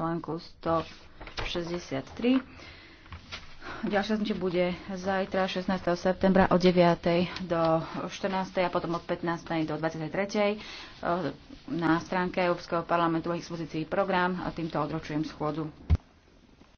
článku 163. Ďalšie znutie bude zajtra 16. septembra od 9. do 14. a potom od 15. do 23. Na stránke Európskeho parlamentu je expozícii program a týmto odročujem schôdu.